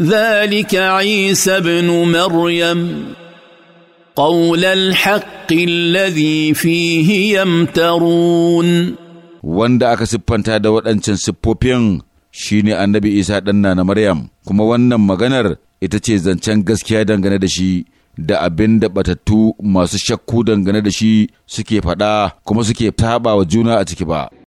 ذلك عيسى ابن مريم قول الحق الذي فيه يمترون wanda aka siffanta da waɗancan siffofin shine annabi isa ɗanna na maryam kuma wannan maganar ita ce zancen gaskiya dangane da shi da abin da batattu masu shakku dangane da shi suke faɗa kuma suke taɓa wa juna a ciki ba